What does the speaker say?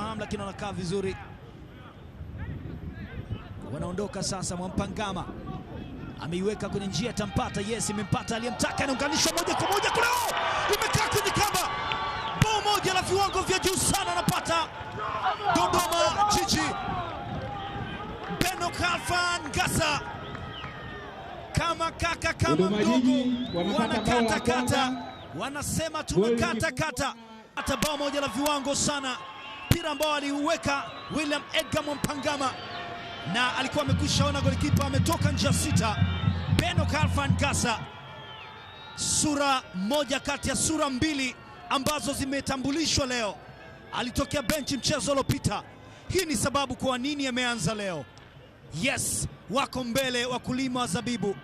Abraham, lakini anakaa vizuri. Wanaondoka sasa, Mwampangama ameiweka kwenye njia, tampata. Yes, imempata aliyemtaka, anaunganisha moja kwa moja, kuna imekaa kwenye kamba. Bao moja la viwango vya juu sana anapata Dodoma Jiji, Beno Khalfan Ngassa kama kaka kama mdogo, wanakatakata wanasema tunakatakata, hata bao moja la viwango sana mpira ambao aliuweka William Edgar Mpangama na alikuwa amekwisha ona golikipa ametoka ya sita. Beno Kalfan Gasa, sura moja kati ya sura mbili ambazo zimetambulishwa leo, alitokea benchi mchezo uliopita. Hii ni sababu kwa nini ameanza leo. Yes, wako mbele wakulima wa zabibu.